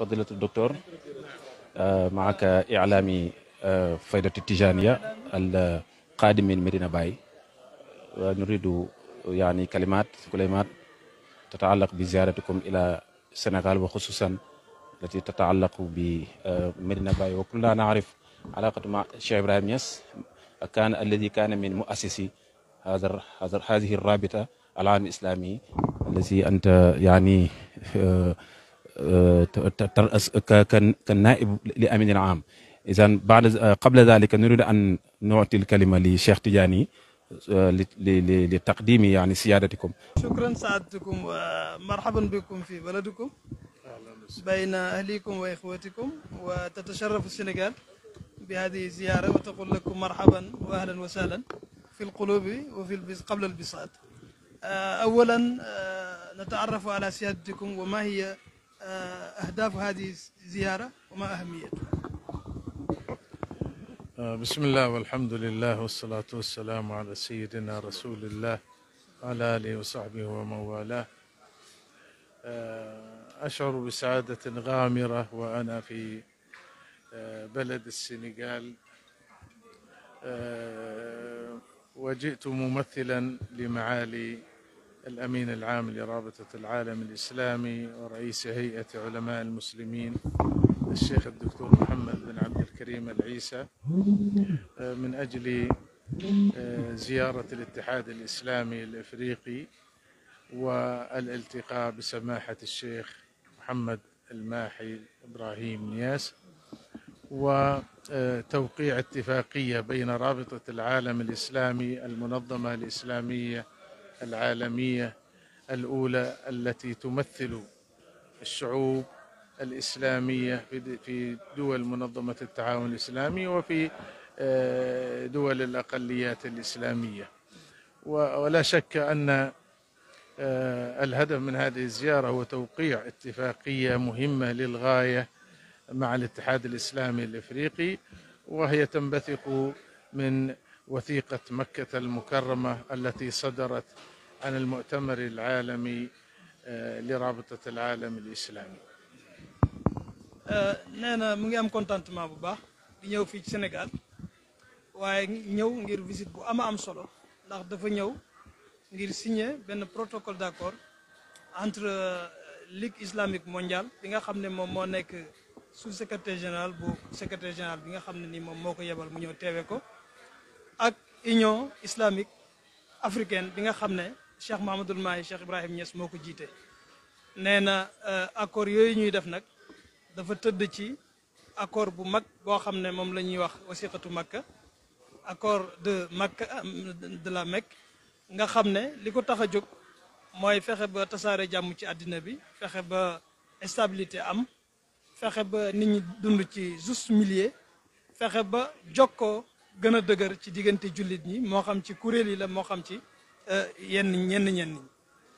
فضيلة الدكتور معك إعلامي فائدة التجانية القادم من مدينة باي ونريد يعني كلمات كلمات تتعلق بزيارتكم إلى السنغال وخصوصا التي تتعلق بمدينة باي وكلنا نعرف علاقة مع الشيخ إبراهيم يس كان الذي كان من مؤسسي هذا هذه الرابطة العالم الإسلامي الذي أنت يعني كالنائب لأمين العام إذا بعد قبل ذلك نريد أن نعطي الكلمة لشيخ تجاني لتقديم يعني سيادتكم شكرا سعادتكم ومرحبا بكم في بلدكم بين أهليكم وإخوتكم وتتشرف السنغال بهذه الزيارة وتقول لكم مرحبا وأهلا وسهلا في القلوب وفي قبل البساط أولا نتعرف على سيادتكم وما هي أهداف هذه الزيارة وما أهميتها بسم الله والحمد لله والصلاة والسلام على سيدنا رسول الله وعلى آله وصحبه ومن والاه أشعر بسعادة غامرة وأنا في بلد السنغال وجئت ممثلا لمعالي الأمين العام لرابطة العالم الإسلامي ورئيس هيئة علماء المسلمين الشيخ الدكتور محمد بن عبد الكريم العيسى من أجل زيارة الاتحاد الإسلامي الإفريقي والالتقاء بسماحة الشيخ محمد الماحي إبراهيم نياس وتوقيع اتفاقية بين رابطة العالم الإسلامي المنظمة الإسلامية العالمية الأولى التي تمثل الشعوب الإسلامية في دول منظمة التعاون الإسلامي وفي دول الأقليات الإسلامية ولا شك أن الهدف من هذه الزيارة هو توقيع اتفاقية مهمة للغاية مع الاتحاد الإسلامي الإفريقي وهي تنبثق من وثيقة مكة المكرمة التي صدرت عن المؤتمر العالمي لرابطة العالم الإسلامي nee na mu ngi am contentement bu baax di ñëw fii ci Sénégal waaye ñëw ngir visite bu ama am solo ndax dafa ñëw ngir signer benn protocole d'accord entre euh, Ligue islamique mondiale bi nga xam ne moom moo nekk sous secrétaire général bu secrétaire général bi nga xam ne ni moom moo ko yebal mu ñëw teewe ko union islamique africaine bi nga xam ne Cheikh Mahamadul Mahi Cheikh Ibrahim ñes moo ko jiite nee na euh, accord yooyu ñuy def nag dafa tëdd ci accord bu mag boo xam ne moom la ñuy wax wasiqatu Makka accord de Makka euh, de la Mecque nga xam ne li ko tax a jóg mooy fexe ba tasaare jàmm ci àddina bi fexe ba stabilité am fexe ba nit ñi dund ci juste milieu fexe ba jokkoo gën a dëgër ci diggante jullit ñi moo xam ci kuréel yi la moo xam ci eh, yenn ñenn ñenn ñi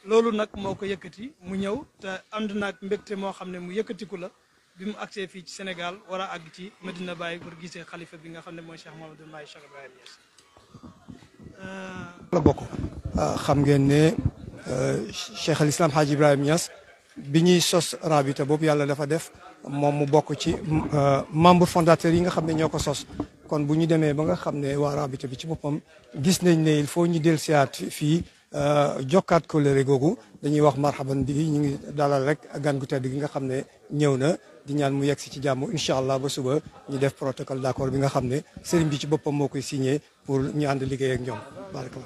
loolu nag moo ko yëkkati mu ñëw te ànd naag mbégte moo xam ne mu yëkkatiku la bi mu agsee fii ci Sénégal war a àgg ci Medina Baye pour gisee xalifa bi nga xam ne mooy Cheikh Mouhamadou Mahi Cheikh Ibrahima Niass. Eh, la ah, ngeen ne eh, Cheikh al Islam Hadj Ibrahima bi ñuy sos rabita boobu yàlla dafa def moom mu bokk ci membre fondateur yi nga xam ne ñoo ko sos kon bu ñu demee ba nga xam ne waa rabita bi ci boppam gis nañ ne il faut ñu dellusiwaat fii euh, jokkat kóllëre googu dañuy wax marhaban bi ñu ngi dalal rek gan gu tedd gi nga xam ne ñëw na di ñaan mu yegg si ci jàmm incha allah ba suba ñu def protocole d'accord bi nga xam ne sëriñ bi ci boppam moo koy signé pour ñu ànd liggéey ak ñoom